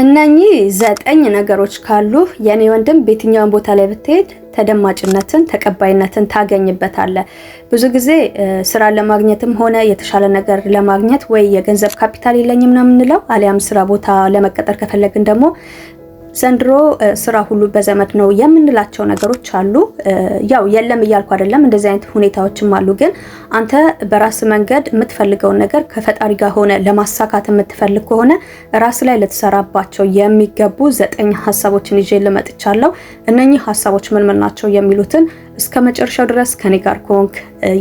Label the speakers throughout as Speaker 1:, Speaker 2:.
Speaker 1: እነኚህ ዘጠኝ ነገሮች ካሉ የኔ ወንድም በየትኛውን ቦታ ላይ ብትሄድ ተደማጭነትን ተቀባይነትን ታገኝበታለ። ብዙ ጊዜ ስራ ለማግኘትም ሆነ የተሻለ ነገር ለማግኘት ወይ የገንዘብ ካፒታል የለኝም ነው የምንለው። አሊያም ስራ ቦታ ለመቀጠር ከፈለግን ደግሞ ዘንድሮ ስራ ሁሉ በዘመድ ነው የምንላቸው ነገሮች አሉ። ያው የለም እያልኩ አይደለም፣ እንደዚህ አይነት ሁኔታዎችም አሉ። ግን አንተ በራስ መንገድ የምትፈልገውን ነገር ከፈጣሪ ጋር ሆነ ለማሳካት የምትፈልግ ከሆነ ራስ ላይ ልትሰራባቸው የሚገቡ ዘጠኝ ሀሳቦችን ይዤ ልመጥቻለሁ። እነኚህ ሀሳቦች ምን ምን ናቸው የሚሉትን እስከ መጨረሻው ድረስ ከኔ ጋር ኮንክ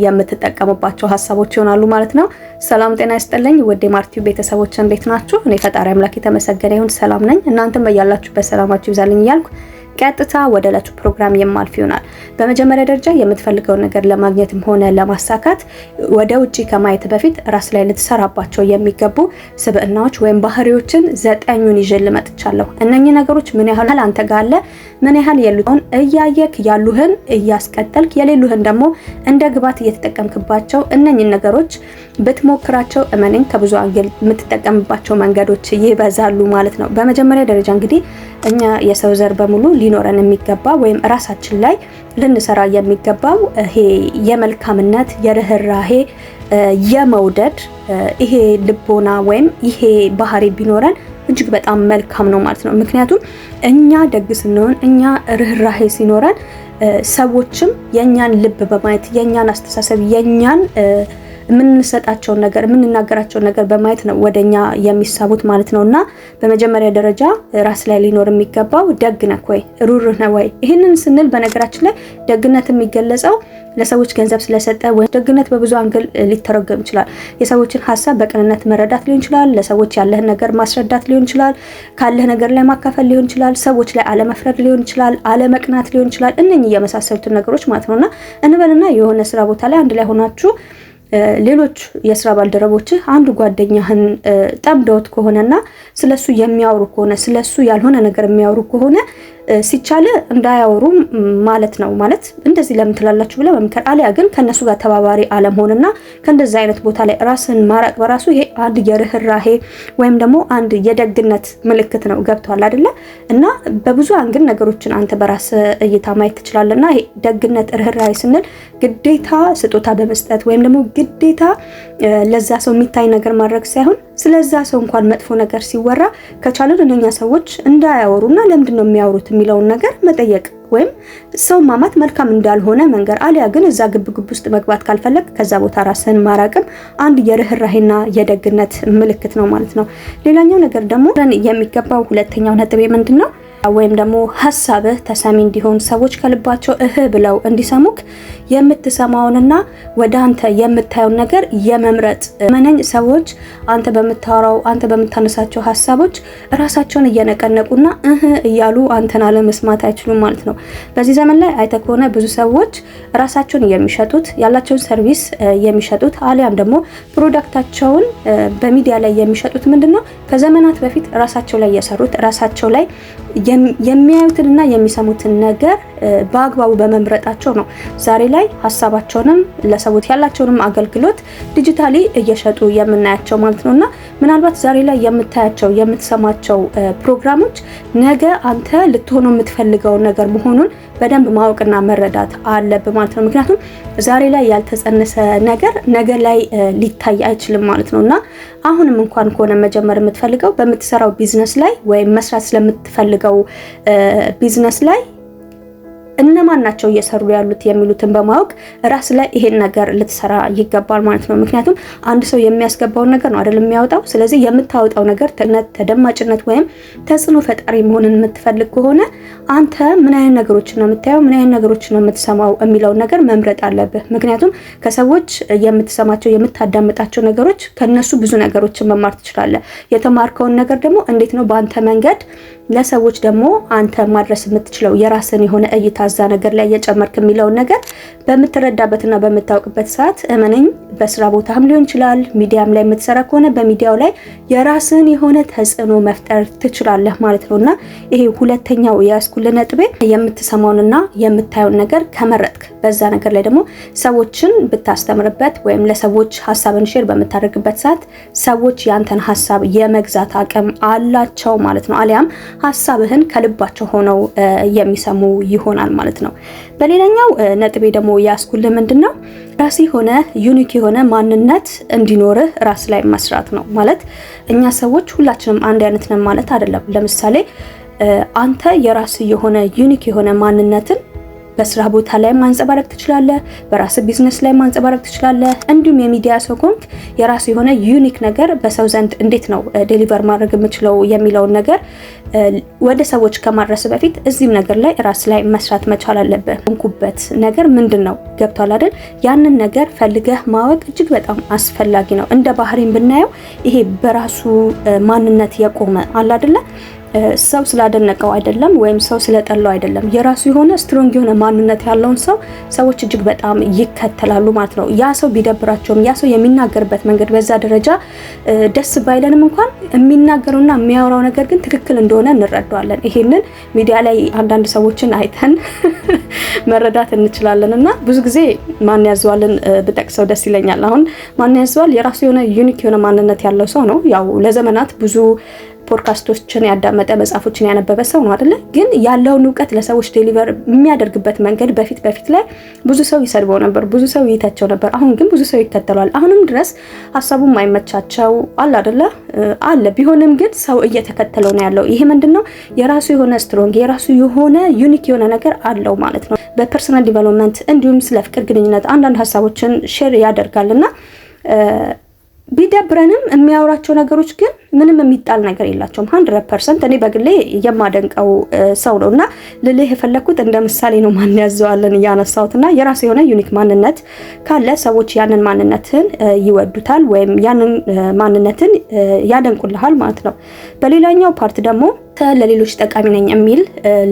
Speaker 1: የምትጠቀሙባቸው ሀሳቦች ይሆናሉ ማለት ነው። ሰላም ጤና ይስጥልኝ ውድ የማርቲው ቤተሰቦች እንዴት ናችሁ? እኔ ፈጣሪ አምላክ የተመሰገነ ይሁን ሰላም ነኝ። እናንተም በያላችሁበት ሰላማችሁ ይብዛልኝ እያልኩ ቀጥታ ወደ ዕለቱ ፕሮግራም የማልፍ ይሆናል። በመጀመሪያ ደረጃ የምትፈልገውን ነገር ለማግኘትም ሆነ ለማሳካት ወደ ውጭ ከማየት በፊት ራስ ላይ ልትሰራባቸው የሚገቡ ስብዕናዎች ወይም ባህሪዎችን ዘጠኙን ይዤ ልመጥቻለሁ። እነኚህ ነገሮች ምን ያህል አንተ ጋር አለ፣ ምን ያህል የሉትን እያየክ ያሉህን እያስቀጠልክ የሌሉህን ደግሞ እንደ ግባት እየተጠቀምክባቸው እነኚህን ነገሮች ብትሞክራቸው እመነኝ ከብዙ አንግል የምትጠቀምባቸው መንገዶች ይበዛሉ ማለት ነው። በመጀመሪያ ደረጃ እንግዲህ እኛ የሰው ዘር በሙሉ ሊኖረን የሚገባ ወይም ራሳችን ላይ ልንሰራ የሚገባው ይሄ የመልካምነት፣ የርህራሄ፣ የመውደድ ይሄ ልቦና ወይም ይሄ ባህሪ ቢኖረን እጅግ በጣም መልካም ነው ማለት ነው። ምክንያቱም እኛ ደግ ስንሆን፣ እኛ ርህራሄ ሲኖረን ሰዎችም የእኛን ልብ በማየት የእኛን አስተሳሰብ የእኛን የምንሰጣቸውን ነገር የምንናገራቸውን ነገር በማየት ነው ወደኛ የሚሳቡት ማለት ነው። እና በመጀመሪያ ደረጃ ራስ ላይ ሊኖር የሚገባው ደግ ነህ ወይ ሩህሩህ ነህ ወይ? ይህንን ስንል በነገራችን ላይ ደግነት የሚገለጸው ለሰዎች ገንዘብ ስለሰጠ ወይም ደግነት በብዙ አንግል ሊተረጎም ይችላል። የሰዎችን ሀሳብ በቅንነት መረዳት ሊሆን ይችላል። ለሰዎች ያለህን ነገር ማስረዳት ሊሆን ይችላል። ካለህ ነገር ላይ ማካፈል ሊሆን ይችላል። ሰዎች ላይ አለመፍረድ ሊሆን ይችላል። አለመቅናት ሊሆን ይችላል። እነኚህ የመሳሰሉትን ነገሮች ማለት ነውና እንበልና የሆነ ስራ ቦታ ላይ አንድ ላይ ሆናችሁ ሌሎች የስራ ባልደረቦችህ አንዱ ጓደኛህን ጠምደውት ከሆነና ስለሱ የሚያወሩ ከሆነ ስለሱ ያልሆነ ነገር የሚያወሩ ከሆነ ሲቻለ እንዳያወሩም ማለት ነው። ማለት እንደዚህ ለምን ትላላችሁ ብለ መምከር፣ አሊያ ግን ከእነሱ ጋር ተባባሪ አለመሆንና ከእንደዚህ አይነት ቦታ ላይ ራስን ማራቅ በራሱ ይሄ አንድ የርህራሄ ወይም ደግሞ አንድ የደግነት ምልክት ነው። ገብቷል አደለ? እና በብዙ አንግን ነገሮችን አንተ በራስ እይታ ማየት ትችላለና ይሄ ደግነት፣ ርህራሄ ስንል ግዴታ ስጦታ በመስጠት ወይም ደግሞ ግዴታ ለዛ ሰው የሚታይ ነገር ማድረግ ሳይሆን ስለዛ ሰው እንኳን መጥፎ ነገር ሲወራ ከቻለን እነኛ ሰዎች እንዳያወሩና ለምንድን ነው የሚያወሩት የሚለውን ነገር መጠየቅ ወይም ሰው ማማት መልካም እንዳልሆነ መንገር፣ አሊያ ግን እዛ ግብግብ ውስጥ መግባት ካልፈለግ ከዛ ቦታ ራስን ማራቅም አንድ የርህራሄና የደግነት ምልክት ነው ማለት ነው። ሌላኛው ነገር ደግሞ የሚገባው ሁለተኛው ነጥቤ ምንድን ነው ወይም ደግሞ ሀሳብህ ተሰሚ እንዲሆን ሰዎች ከልባቸው እህ ብለው እንዲሰሙክ የምትሰማውንና ወደ አንተ የምታየውን ነገር የመምረጥ መነኝ ሰዎች አንተ በምታወራው አንተ በምታነሳቸው ሀሳቦች ራሳቸውን እየነቀነቁና እህ እያሉ አንተን አለመስማት አይችሉም ማለት ነው። በዚህ ዘመን ላይ አይተ ከሆነ ብዙ ሰዎች ራሳቸውን የሚሸጡት ያላቸውን ሰርቪስ የሚሸጡት አሊያም ደግሞ ፕሮዳክታቸውን በሚዲያ ላይ የሚሸጡት ምንድን ነው ከዘመናት በፊት ራሳቸው ላይ የሰሩት ራሳቸው ላይ የሚያዩትንና የሚሰሙትን ነገር በአግባቡ በመምረጣቸው ነው ዛሬ ላይ ሀሳባቸውንም ለሰዎች ያላቸውንም አገልግሎት ዲጂታሊ እየሸጡ የምናያቸው ማለት ነው እና ምናልባት ዛሬ ላይ የምታያቸው የምትሰማቸው ፕሮግራሞች ነገ አንተ ልትሆነው የምትፈልገውን ነገር መሆኑን በደንብ ማወቅና መረዳት አለብ ማለት ነው። ምክንያቱም ዛሬ ላይ ያልተጸነሰ ነገር ነገ ላይ ሊታይ አይችልም ማለት ነው እና አሁንም እንኳን ከሆነ መጀመር የምትፈልገው በምትሰራው ቢዝነስ ላይ ወይም መስራት ስለምትፈልገው ቢዝነስ ላይ እነማን ናቸው እየሰሩ ያሉት የሚሉትን በማወቅ ራስ ላይ ይሄን ነገር ልትሰራ ይገባል ማለት ነው። ምክንያቱም አንድ ሰው የሚያስገባውን ነገር ነው አይደል የሚያወጣው። ስለዚህ የምታወጣው ነገር ተደማጭነት ወይም ተጽዕኖ ፈጣሪ መሆንን የምትፈልግ ከሆነ አንተ ምን አይነት ነገሮችን ነው የምታየው፣ ምን አይነት ነገሮችን ነው የምትሰማው የሚለውን ነገር መምረጥ አለብህ። ምክንያቱም ከሰዎች የምትሰማቸው የምታዳምጣቸው ነገሮች ከነሱ ብዙ ነገሮችን መማር ትችላለህ። የተማርከውን ነገር ደግሞ እንዴት ነው በአንተ መንገድ ለሰዎች ደግሞ አንተ ማድረስ የምትችለው የራስን የሆነ እይታ እዛ ነገር ላይ እየጨመርክ የሚለውን ነገር በምትረዳበትና በምታውቅበት ሰዓት እመነኝ፣ በስራ ቦታም ሊሆን ይችላል፣ ሚዲያም ላይ የምትሰራ ከሆነ በሚዲያው ላይ የራስን የሆነ ተጽዕኖ መፍጠር ትችላለህ ማለት ነው እና ይሄ ሁለተኛው የያዝኩል ነጥቤ የምትሰማውንና የምታየውን ነገር ከመረጥክ በዛ ነገር ላይ ደግሞ ሰዎችን ብታስተምርበት ወይም ለሰዎች ሀሳብን ሼር በምታደርግበት ሰዓት ሰዎች ያንተን ሀሳብ የመግዛት አቅም አላቸው ማለት ነው። አሊያም ሀሳብህን ከልባቸው ሆነው የሚሰሙ ይሆናል። ማለት ነው። በሌላኛው ነጥቤ ደግሞ ያስኩል ምንድነው ነው ራስ የሆነ ዩኒክ የሆነ ማንነት እንዲኖርህ ራስ ላይ መስራት ነው ማለት እኛ ሰዎች ሁላችንም አንድ አይነት ነን ማለት አይደለም። ለምሳሌ አንተ የራስ የሆነ ዩኒክ የሆነ ማንነትን በስራ ቦታ ላይ ማንጸባረቅ ትችላለህ። በራስ ቢዝነስ ላይ ማንጸባረቅ ትችላለህ። እንዲሁም የሚዲያ ሰው ኮንክ የራሱ የሆነ ዩኒክ ነገር በሰው ዘንድ እንዴት ነው ዴሊቨር ማድረግ የምችለው የሚለውን ነገር ወደ ሰዎች ከማድረስ በፊት እዚህም ነገር ላይ ራስ ላይ መስራት መቻል አለብህ። ንኩበት ነገር ምንድን ነው ገብቷል አይደል? ያንን ነገር ፈልገህ ማወቅ እጅግ በጣም አስፈላጊ ነው። እንደ ባህሪም ብናየው ይሄ በራሱ ማንነት የቆመ አለ አይደለ ሰው ስላደነቀው አይደለም ወይም ሰው ስለጠላው አይደለም። የራሱ የሆነ ስትሮንግ የሆነ ማንነት ያለውን ሰው ሰዎች እጅግ በጣም ይከተላሉ ማለት ነው። ያ ሰው ቢደብራቸውም፣ ያ ሰው የሚናገርበት መንገድ በዛ ደረጃ ደስ ባይለንም እንኳን የሚናገረውና የሚያወራው ነገር ግን ትክክል እንደሆነ እንረዳዋለን። ይሄንን ሚዲያ ላይ አንዳንድ ሰዎችን አይተን መረዳት እንችላለን። እና ብዙ ጊዜ ማን ያዘዋልን ብጠቅሰው ደስ ይለኛል። አሁን ማን ያዘዋል የራሱ የሆነ ዩኒክ የሆነ ማንነት ያለው ሰው ነው። ያው ለዘመናት ብዙ ፖድካስቶችን ያዳመጠ መጽሐፎችን ያነበበ ሰው ነው አይደለ? ግን ያለውን እውቀት ለሰዎች ዴሊቨር የሚያደርግበት መንገድ በፊት በፊት ላይ ብዙ ሰው ይሰድበው ነበር፣ ብዙ ሰው ይተቸው ነበር። አሁን ግን ብዙ ሰው ይከተሏል። አሁንም ድረስ ሀሳቡን ማይመቻቸው አለ አይደለ? አለ። ቢሆንም ግን ሰው እየተከተለው ነው ያለው። ይሄ ምንድነው? የራሱ የሆነ ስትሮንግ የራሱ የሆነ ዩኒክ የሆነ ነገር አለው ማለት ነው። በፐርሰናል ዲቨሎፕመንት እንዲሁም ስለ ፍቅር ግንኙነት አንዳንድ ሀሳቦችን ሼር ያደርጋል እና። ቢደብረንም የሚያወራቸው ነገሮች ግን ምንም የሚጣል ነገር የላቸውም። ሀንድረድ ፐርሰንት እኔ በግሌ የማደንቀው ሰው ነው እና ልልህ የፈለግኩት እንደ ምሳሌ ነው። ማን ያዘዋለን እያነሳሁት እና የራሱ የሆነ ዩኒክ ማንነት ካለ ሰዎች ያንን ማንነትን ይወዱታል ወይም ያንን ማንነትን ያደንቁልሃል ማለት ነው። በሌላኛው ፓርት ደግሞ አንተ ለሌሎች ጠቃሚ ነኝ የሚል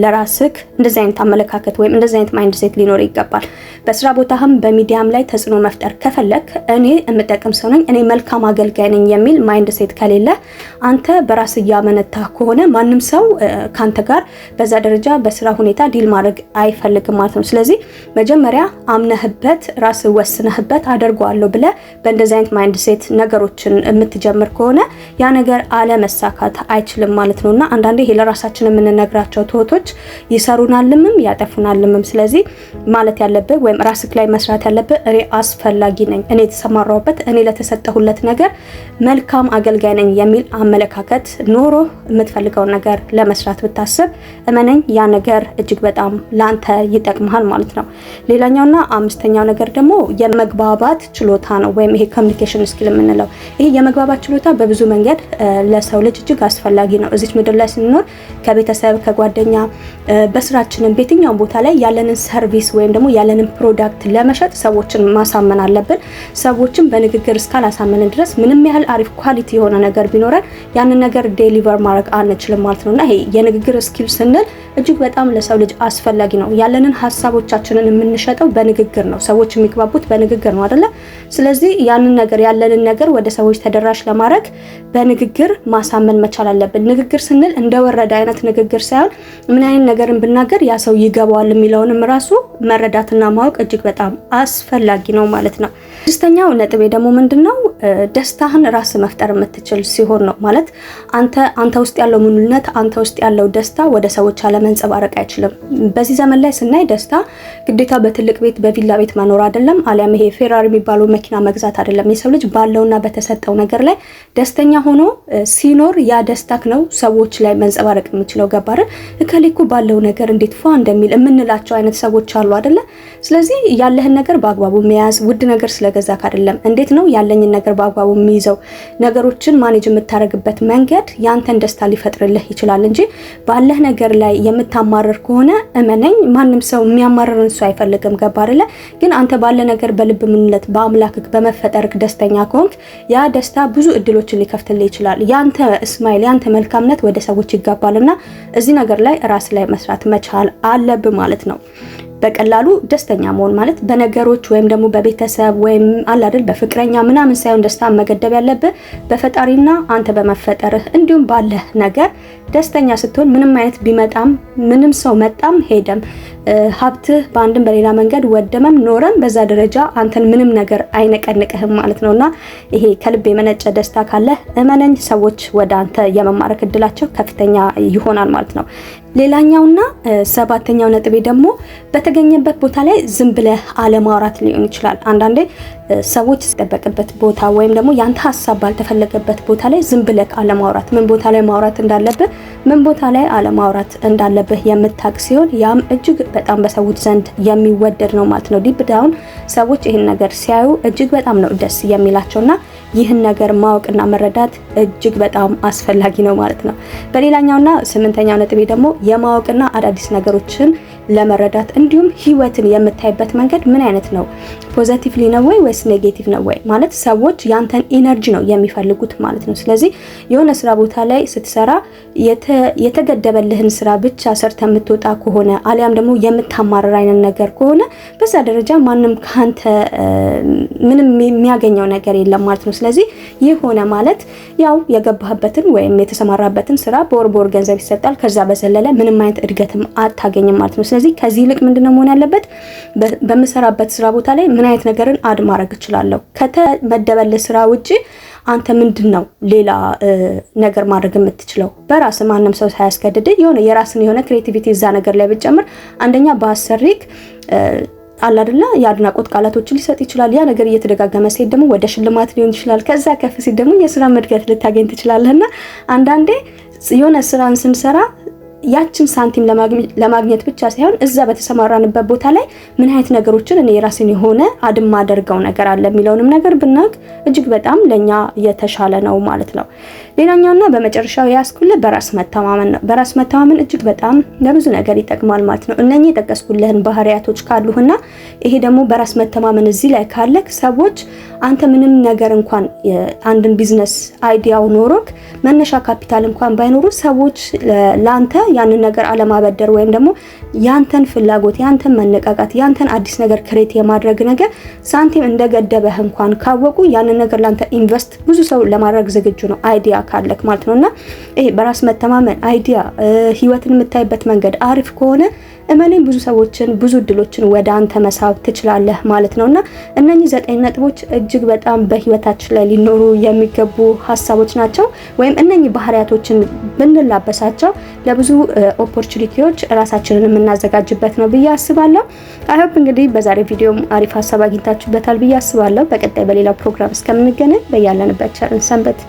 Speaker 1: ለራስክ እንደዚህ አይነት አመለካከት ወይም እንደዚህ አይነት ማይንድ ሴት ሊኖር ይገባል። በስራ ቦታህም በሚዲያም ላይ ተጽዕኖ መፍጠር ከፈለክ እኔ የምጠቅም ሰው ነኝ፣ እኔ መልካም አገልጋይ ነኝ የሚል ማይንድ ሴት ከሌለ አንተ በራስ እያመነታ ከሆነ ማንም ሰው ከአንተ ጋር በዛ ደረጃ በስራ ሁኔታ ዲል ማድረግ አይፈልግም ማለት ነው። ስለዚህ መጀመሪያ አምነህበት ራስ ወስነህበት አደርገዋለሁ ብለ በእንደዚህ አይነት ማይንድ ሴት ነገሮችን የምትጀምር ከሆነ ያ ነገር አለመሳካት አይችልም ማለት ነውና አንዳንድ አንዳንዴ ይሄ ለራሳችን የምንነግራቸው ትሁቶች ይሰሩናልምም ያጠፉናልምም። ስለዚህ ማለት ያለብህ ወይም ራስክ ላይ መስራት ያለብህ እኔ አስፈላጊ ነኝ፣ እኔ የተሰማራሁበት፣ እኔ ለተሰጠሁለት ነገር መልካም አገልጋይ ነኝ የሚል አመለካከት ኖሮ የምትፈልገውን ነገር ለመስራት ብታስብ እመነኝ፣ ያ ነገር እጅግ በጣም ለአንተ ይጠቅምሃል ማለት ነው። ሌላኛውና አምስተኛው ነገር ደግሞ የመግባባት ችሎታ ነው፣ ወይም ይሄ ኮሚኒኬሽን ስኪል የምንለው ይሄ የመግባባት ችሎታ በብዙ መንገድ ለሰው ልጅ እጅግ አስፈላጊ ነው እዚች ምድር ላይ ስንኖር ከቤተሰብ ከጓደኛ፣ በስራችንም በየትኛውም ቦታ ላይ ያለንን ሰርቪስ ወይም ደግሞ ያለንን ፕሮዳክት ለመሸጥ ሰዎችን ማሳመን አለብን። ሰዎችን በንግግር እስካላሳመንን ድረስ ምንም ያህል አሪፍ ኳሊቲ የሆነ ነገር ቢኖረን ያንን ነገር ዴሊቨር ማድረግ አንችልም ማለት ነው እና ይሄ የንግግር ስኪል ስንል እጅግ በጣም ለሰው ልጅ አስፈላጊ ነው። ያለንን ሀሳቦቻችንን የምንሸጠው በንግግር ነው። ሰዎች የሚግባቡት በንግግር ነው አይደለ? ስለዚህ ያንን ነገር ያለንን ነገር ወደ ሰዎች ተደራሽ ለማድረግ በንግግር ማሳመን መቻል አለብን። ንግግር ስንል እንደ ወረደ አይነት ንግግር ሳይሆን ምን አይነት ነገርን ብናገር ያ ሰው ይገባዋል የሚለውንም ራሱ መረዳትና ማወቅ እጅግ በጣም አስፈላጊ ነው ማለት ነው። ስድስተኛው ነጥቤ ደግሞ ምንድን ነው? ደስታህን ራስ መፍጠር የምትችል ሲሆን ነው ማለት አንተ አንተ ውስጥ ያለው ምኑልነት አንተ ውስጥ ያለው ደስታ ወደ ሰዎች አለመንጸባረቅ አይችልም። በዚህ ዘመን ላይ ስናይ ደስታ ግዴታ በትልቅ ቤት በቪላ ቤት መኖር አይደለም፣ አሊያም ይሄ ፌራሪ የሚባለው መኪና መግዛት አይደለም። የሰው ልጅ ባለውና በተሰጠው ነገር ላይ ደስተኛ ሆኖ ሲኖር ያ ደስታክ ነው ሰዎች ላይ መንጸባረቅ የምችለው ገባር እከሌኮ ባለው ነገር እንዴት ፏ እንደሚል የምንላቸው አይነት ሰዎች አሉ አደለ። ስለዚህ ያለህን ነገር በአግባቡ መያዝ ውድ ነገር ስለገዛክ አደለም። እንዴት ነው ያለኝን ነገር በአግባቡ የሚይዘው ነገሮችን ማኔጅ የምታደርግበት መንገድ ያንተን ደስታ ሊፈጥርልህ ይችላል እንጂ ባለህ ነገር ላይ የምታማረር ከሆነ እመነኝ ማንም ሰው የሚያማረርን ሰው አይፈልግም። ገባር አይደለ? ግን አንተ ባለ ነገር በልብ ምንነት በአምላክክ በመፈጠርክ ደስተኛ ከሆንክ ያ ደስታ ብዙ እድሎችን ሊከፍትልህ ይችላል። ያንተ እስማኤል ያንተ መልካምነት ወደ ሰዎች ልንኖራቸው ይጋባልና እዚህ ነገር ላይ ራስ ላይ መስራት መቻል አለብ ማለት ነው። በቀላሉ ደስተኛ መሆን ማለት በነገሮች ወይም ደግሞ በቤተሰብ ወይም አላደል በፍቅረኛ ምናምን ሳይሆን ደስታ መገደብ ያለብህ በፈጣሪና አንተ በመፈጠርህ እንዲሁም ባለህ ነገር ደስተኛ ስትሆን ምንም አይነት ቢመጣም ምንም ሰው መጣም ሄደም ሀብትህ በአንድም በሌላ መንገድ ወደመም ኖረም በዛ ደረጃ አንተን ምንም ነገር አይነቀንቅህም ማለት ነውና ይሄ ከልብ የመነጨ ደስታ ካለ እመነኝ ሰዎች ወደ አንተ የመማረክ እድላቸው ከፍተኛ ይሆናል ማለት ነው። ሌላኛውና ሰባተኛው ነጥቤ ደግሞ በተገኘበት ቦታ ላይ ዝም ብለህ አለማውራት ሊሆን ይችላል። አንዳንዴ ሰዎች ሲጠበቅበት ቦታ ወይም ደግሞ ያንተ ሀሳብ ባልተፈለገበት ቦታ ላይ ዝም ብለህ አለማውራት፣ ምን ቦታ ላይ ማውራት እንዳለብህ፣ ምን ቦታ ላይ አለማውራት እንዳለብህ የምታቅ ሲሆን ያም እጅግ በጣም በሰዎች ዘንድ የሚወደድ ነው ማለት ነው። ዲፕ ዳውን ሰዎች ይህን ነገር ሲያዩ እጅግ በጣም ነው ደስ የሚላቸውና ይህን ነገር ማወቅና መረዳት እጅግ በጣም አስፈላጊ ነው ማለት ነው። በሌላኛውና ስምንተኛው ነጥቤ ደግሞ የማወቅና አዳዲስ ነገሮችን ለመረዳት እንዲሁም ህይወትን የምታይበት መንገድ ምን አይነት ነው? ፖዘቲቭሊ ነው ወይ ወይስ ኔጌቲቭ ነው ወይ ማለት ሰዎች ያንተን ኢነርጂ ነው የሚፈልጉት ማለት ነው። ስለዚህ የሆነ ስራ ቦታ ላይ ስትሰራ የተገደበልህን ስራ ብቻ ሰርተ የምትወጣ ከሆነ አሊያም ደግሞ የምታማረር አይነት ነገር ከሆነ በዛ ደረጃ ማንም ከአንተ ምንም የሚያገኘው ነገር የለም ማለት ነው። ስለዚህ ይህ ሆነ ማለት ያው የገባህበትን ወይም የተሰማራበትን ስራ በወር በወር ገንዘብ ይሰጣል። ከዛ በዘለለ ምንም አይነት እድገትም አታገኝም ማለት ነው። ስለዚህ ከዚህ ይልቅ ምንድነው መሆን ያለበት በምሰራበት ስራ ቦታ ላይ ምን ምን አይነት ነገርን አድ ማድረግ እችላለሁ? ከተመደበል ስራ ውጭ አንተ ምንድን ነው ሌላ ነገር ማድረግ የምትችለው? በራስ ማንም ሰው ሳያስገድድ የሆነ የራስን የሆነ ክሬቲቪቲ እዛ ነገር ላይ ብትጨምር አንደኛ በአሰሪክ አለ የአድናቆት ቃላቶችን ሊሰጥ ይችላል። ያ ነገር እየተደጋገመ ሲሄድ ደግሞ ወደ ሽልማት ሊሆን ይችላል። ከዛ ከፍ ሲል ደግሞ የስራ መድገት ልታገኝ ትችላለህና አንዳንዴ የሆነ ስራን ስንሰራ ያችን ሳንቲም ለማግኘት ብቻ ሳይሆን እዛ በተሰማራንበት ቦታ ላይ ምን አይነት ነገሮችን እኔ የራሴን የሆነ አድማ አደርገው ነገር አለ የሚለውንም ነገር ብናውቅ እጅግ በጣም ለእኛ የተሻለ ነው ማለት ነው። ሌላኛውና በመጨረሻው ያስኩል በራስ መተማመን ነው። በራስ መተማመን እጅግ በጣም ለብዙ ነገር ይጠቅማል ማለት ነው። እነኚህ የጠቀስኩልህን ባህሪያቶች ካሉህና ይሄ ደግሞ በራስ መተማመን እዚህ ላይ ካለክ ሰዎች አንተ ምንም ነገር እንኳን አንድን ቢዝነስ አይዲያው ኖሮክ መነሻ ካፒታል እንኳን ባይኖሩ ሰዎች ለአንተ ያንን ነገር አለማበደር ወይም ደግሞ ያንተን ፍላጎት ያንተን መነቃቃት ያንተን አዲስ ነገር ክሬት የማድረግ ነገር ሳንቲም እንደገደበህ እንኳን ካወቁ ያንን ነገር ላንተ ኢንቨስት ብዙ ሰው ለማድረግ ዝግጁ ነው፣ አይዲያ ካለክ ማለት ነው። እና ይሄ በራስ መተማመን አይዲያ ህይወትን የምታይበት መንገድ አሪፍ ከሆነ እመኔ ብዙ ሰዎችን ብዙ እድሎችን ወደ አንተ መሳብ ትችላለህ ማለት ነውና እነኚህ ዘጠኝ ነጥቦች እጅግ በጣም በህይወታችን ላይ ሊኖሩ የሚገቡ ሀሳቦች ናቸው። ወይም እነኚህ ባህሪያቶችን ብንላበሳቸው ለብዙ ኦፖርቹኒቲዎች ራሳችንን የምናዘጋጅበት ነው ብዬ አስባለሁ። አይሆፕ እንግዲህ በዛሬ ቪዲዮም አሪፍ ሀሳብ አግኝታችሁበታል ብዬ አስባለሁ። በቀጣይ በሌላው ፕሮግራም እስከምንገናኝ በያለንበት ቸርን ሰንበት